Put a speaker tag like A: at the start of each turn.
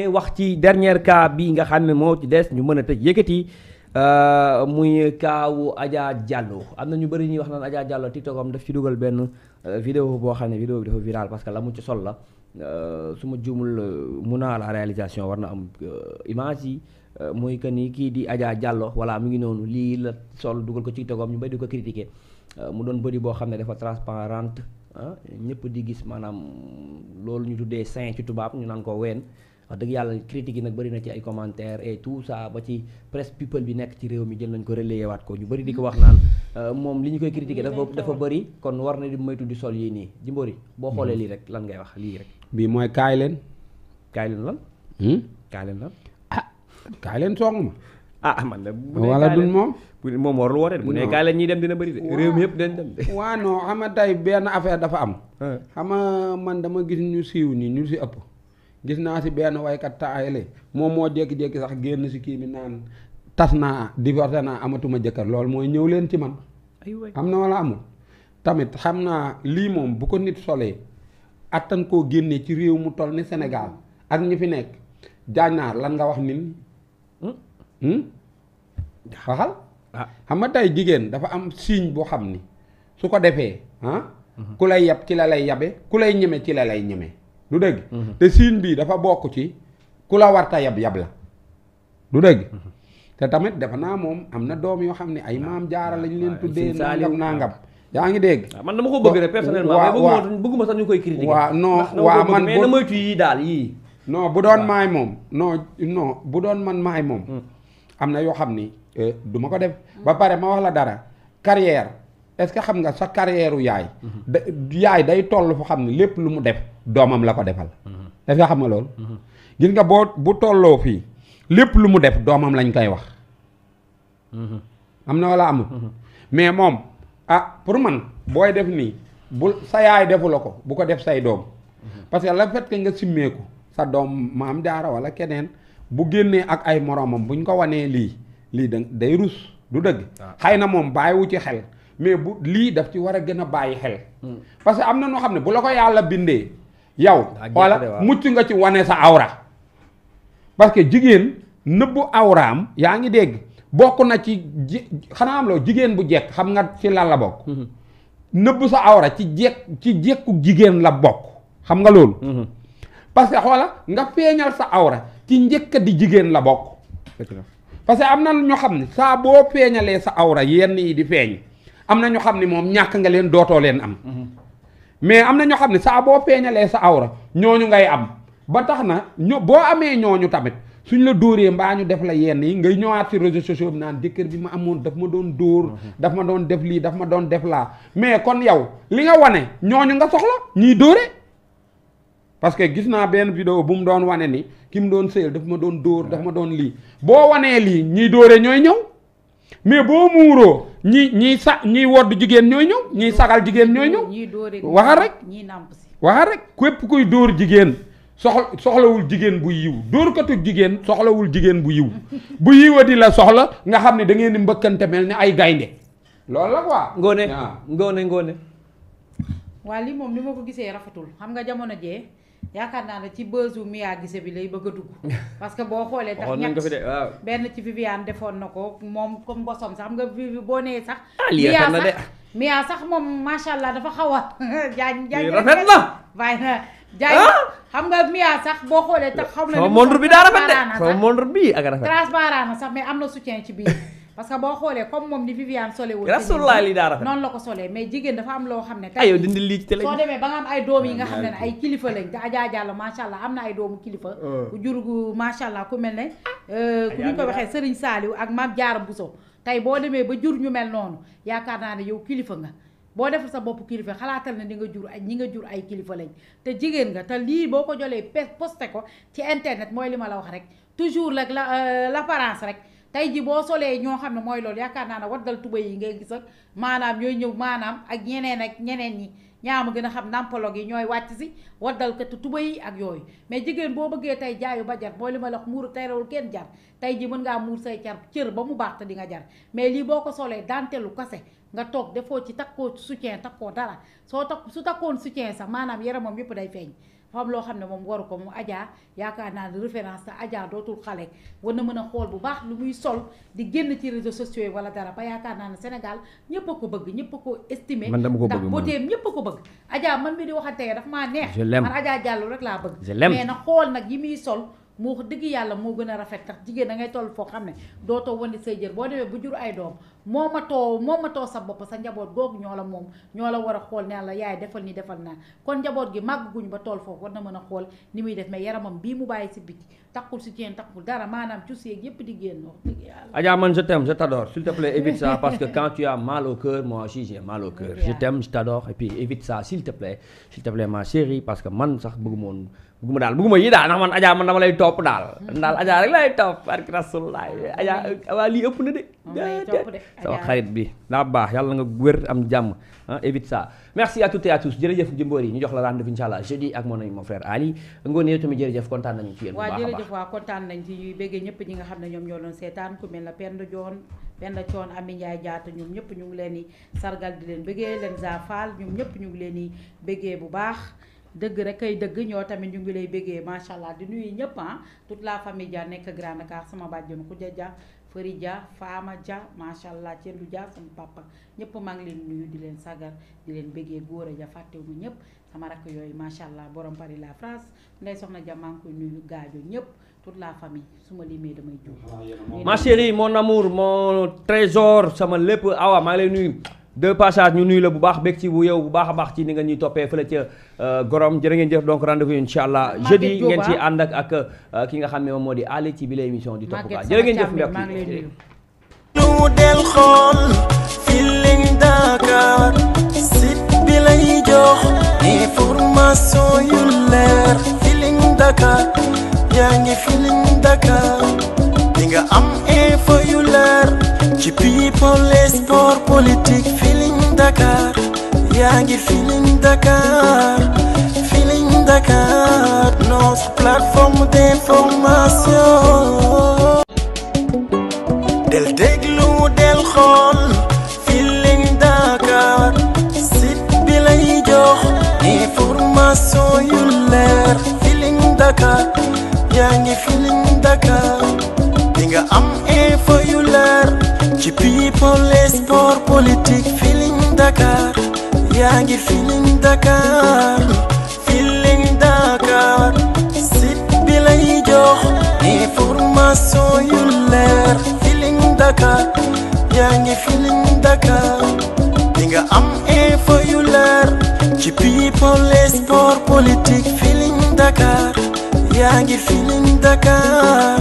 A: wax ci dernier cas bi nga xam ne moo ci des ñu mën a tëj yëkkati euh, muy kaawu ajaa Diallo am na ñu bëri ñuy wax naan Adja Diallo TikTok am daf ci dugal benn euh, vidéo boo xam ne vidéo bi viral parce que la ci sol la euh, su ma mun naa la réalisation war na am image yi muy que ni kii di ajaa Diallo wala mu ngi noonu lii la sol dugal ko ci TikTok ñu bëri di ko critiquer mu doon bëri boo xam ne dafa transparente ah, ñëpp di gis maanaam loolu ñu tuddee saint ci tubaab ñu naan ko ween wax dëgg yàlla critique yi nag bari na ci ay commentaires et tout ça ba ci presse people bi nekk ci réew mi jël nañ ko relayé waat ko ñu bari di ko wax naan euh, moom li ñu koy critiqué dafa dafa bëri kon war na di moytu di sol yii nii Jimbori boo mhm. xoolee lii rek lan ngay wax lii rek.
B: bii mooy kaay leen. kaay leen lan.
A: Hmm? kaay leen lan.
B: ah song ma. ah man de bu wala dun moom.
A: moom warul woote bu ne kaay la ñuy dem dina bëri de. réew mi yëpp
B: dañ dem de. waaw non tey benn affaire dafa am. Ah. xam man dama gis ñu siiw nii ñu si ëpp. gis naa si benn waykat taayale moom moo jékki-jékki sax génn si kii bi naan tas naa divorcé naa amatuma jëkkër loolu mooy ñëw leen ci man am na wala amul tamit xam naa lii moom bu ko nit solee attan koo génnee ci réew mu toll ni senegaal ak ñu fi nekk jaañaar lan nga wax nit ñi hmm? Hmm? waxal ah. xam nga tey jigéen dafa am signe boo xam ni su ko defee ah, mhm. ku lay yab ci la lay yabe ku lay ñeme ci la lay ñeme du dëgg te siin bii dafa bokk ci ku la warta yab yab la du dëgg te tamit dafa naa moom am na doom yoo xam ne ay maam jaara lañ leen ah, tuddee nangam nangam yaa ngi dégg ah, man dama ko bëgg rek personnellement mais
A: bëgguma sax ñu koy critiquer waaw non waaw man mais na moytu yii daal yii
B: non bu doon maay moom non non bu doon man maay moom hmm. am na yoo xam ni eh, duma ko def ba pare ma wax la dara carrière est-ce que xam nga sa carrière yaay hmm. yaay day toll foo xam ne lépp lu mu def doomam la ko defal. Mhm. xam nga loolu. Mhm. nga boo bu tolloo fii lépp lu mu def doomam lañ koy wax. Mhm. am na wala mais moom ah pour man booy def nii bu sa yaay defu la ko bu ko def say doom. parce que la fait nga simmeeku sa doom maam jaara wala keneen bu génnee ak ay moroomam buñ ko wanee lii lii da day rus du dëgg. Ah. xay na moom bàyyiwu ci xel mais bu lii daf ci war a gën a bàyyi xel. Mm. parce que am na noo xam ne bu la ko yàlla bindee. yow wala mucc nga ci wane sa awra parce que jigéen nëbbu awraam yaa ngi dégg bokk na ci ji xanaa am loo jigéen bu jekk xam nga ci lan la bokk mhm. nëbbu sa awra ci jekk ci jekku jigéen la bokk xam nga loolu mhm. que xoola nga feeñal sa awra ci njëkk di jigéen la bokk parce que am na ñoo xam ne saa boo feeñalee sa awra yenn yi di feeñ am na ñoo xam ne moom ñàkk nga leen dootoo leen am mhm. mais am na ñoo xam ne saa boo feeñalee sa awra ñu ngay am ba tax na ño boo amee ñooñu tamit suñ la dóoree mbaa ñu def la yenn yi ngay ñëwaat ci réseaux sociaux bi naan jëkkër bi ma amoon daf ma doon dóor mhm. daf ma doon def lii ma doon def laa mais kon yow li nga wane ñooñu nga soxla ñiy dóore parce que gis naa benn vidéo bu mu doon wane ni ki mu doon sëyal daf ma doon dóor daf doon lii boo wanee lii ñiy dóore ñooy ñëw mais boo muuroo ñi ñiy sa ñiy wodd jigéen ñooy ñëw ñiy sagal jigéen ñooy ñëw waxal rek waxal rek képp kuy dóor jigéen soxla soxlawul jigéen bu yiw dóorkatu jigéen soxlawul jigéen bu yiw bu yiwa di la soxla nga xam ne dangeen ngeen di mbëkkante mel ni ay gaynde lool la quoi ngoone ngoone ngoone
C: waa lii moom ni ma ko gisee rafetul xam nga jamono jee yaakaar naa ne ci bësu Mia gise bi lay bëgg a dugg parce que boo xoolee tax ñett waaw benn ci Viviane defoon na ko moom comme bosom sax xam nga Vivi boo nee sax ah, Mia sax Mia sax moom macha allah dafa xaw a jaañ jaañ rafet na waaye na jaay ah! xam nga Mia sax boo xoolee tax xaw na sama montre bi daa rafet de
A: sama montre bi ak rafet
C: transparent na sax mais am na soutien ci biir parce que boo xoolee comme moom ni Viviane sole woon rasulullah li daa rafet noonu la ko sole mais jigéen dafa am loo xam ne tay yow dindi lii ci télé soo demee ay doom yi nga xam ne ay kilifa lañ te Adja Diallo am na ay doomu kilifa oh. jur gu macha allah ku mel ne euh, ku ñu ko waxee Serigne Saliou ak Mame Diarra Bousso tey boo demee ba jur ñu mel noonu yaakaar naa ne yow kilifa nga boo defee sa bopp kilifa xalaatal na ni nga jur ay ñi nga jur ay kilifa lañ te jigéen nga te lii boo ko jolee posté ko ci internet mooy li ma la wax rek toujours la la euh, l'apparence rek tey ji boo solee ñoo xam ne mooy loolu yaakaar naa ne waddal tuba yi ngay gis ak maanaam yooy ñëw maanaam ak ñeneen ak ñeneen ñi ñaama gën a xam nampalog yi ñooy wàcc si waddal katu tuba yi ak yooyu mais jigéen boo bëggee tey jaayu ba jar mooy li ma la muur muuru terewul kenn jar tey ji mën ngaa muur say car cër ba mu baax te di nga jar mais lii boo ko solee dantelu kase nga toog defoo ci takkoo soutien takkoo dara soo takk su takkoon soutien sax maanaam yaramam yëpp day feeñ fam loo xam ne moom waru ko mu ajaa yaakaar naa ne référence te Adja dootul xale war na mën a xool bu baax lu muy sol di génn ci réseau sociaux yi wala dara ba yaakaar naa ne Sénégal ñëpp a ko bëgg ñëpp a ko estimé ndax beautéem ñëpp ko bëgg Adja man mi di waxante daf maa neex man Adja Diallo rek laa bëgg mais na xool nag yi muy sol moo wax dëgg yàlla moo gën a rafet tax jigéen da ngay toll foo xam ne dootoo wane say jër boo demee bu jur ay doom moomatoo moomatoo sa bopp sa njaboot googu ñoo la moom ñoo la war a xool ne la yaay defal ni defal naa kon njaboot gi màgg guñ ba tool foofu war na mën a xool ni muy def mais yaramam bii mu bàyyi si biti takkul si ceen takkul dara maanaam ci seeg di génn wax dëgg
A: yàlla man je t'aime je t'adore s'il te plaît évite ça parce que quand tu as mal au cœur moi aussi j'ai mal man sax bëgguma woon bëgguma daal sama xarit bi daa baax yàlla nga wér am jàmm ah évite ça merci à toutes et à tous jërëjëf Jimbor yi ñu jox la rendez-vous incha allah jeudi ak mon ami mon frère Ali ngoon yow tamit jërëjëf kontaan nañu ci a baax
C: waaw kontaan nañ ci ñuy béggee ñëpp ñi nga xam ne ñoom ñoo doon seetaan ku mel na Penda Joon Penda Coon Ami Njaay Jaata ñoom ñëpp ñu ngi leen di sargal di leen béggee leen Zafal ñoom ñëpp ñu ngi leen di béggee bu baax dëgg rek kay dëgg ñoo tamit ñu ngi lay béggee macha allah di nuyu ñëpp ah toute la famille Dia nekk Grand Dakar sama bàjjen Khoudia Dia Fëri Dia Faama Dia macha allah Thiendou Dia sama papa ñëpp maa ngi leen nuyu di leen sagar di leen béggee góor a ja fàttewuma ñëpp sama rakk yooyu macha allah borom Paris la France ngay soxna Dia maa ngi koy nuyu gaajo ñëpp toute la famille su ma limee damay jóg. Ah, ma chérie
A: mon amour mon trésor sama lépp awa maa ngi nuyu. de passage ñu nuyu la bu baax bég ci bu yow bu baax a baax ci ni nga ñuy toppee fële ca euh, gorom jërë ngeen jëf donc rendez-vous incha allah jeudi ngeen ci ah. ànd ak ak euh, ki nga xam ne moom moo di Ali ci bi la émission di topp
D: yu leer Feeling Dakar yaa ngi Feeling Dakar di am info yu leer ci people sport politique Dakar yaa ngi Feeling Dakar Feeling Dakar notre plateforme d'information. del déglu del xool Feeling Dakar site bi lay jox information yu leer Feeling Dakar yaa ngi Feeling Dakar yu leer ci people sport politique Feeling Dakar yaa ngi Feeling Dakar Feeling Dakar site bi lay jox information yu leer Feeling Dakar yaa ngi Dakar di nga am info yu leer ci people et sport politique Feeling Dakar yaa ngi
C: Dakar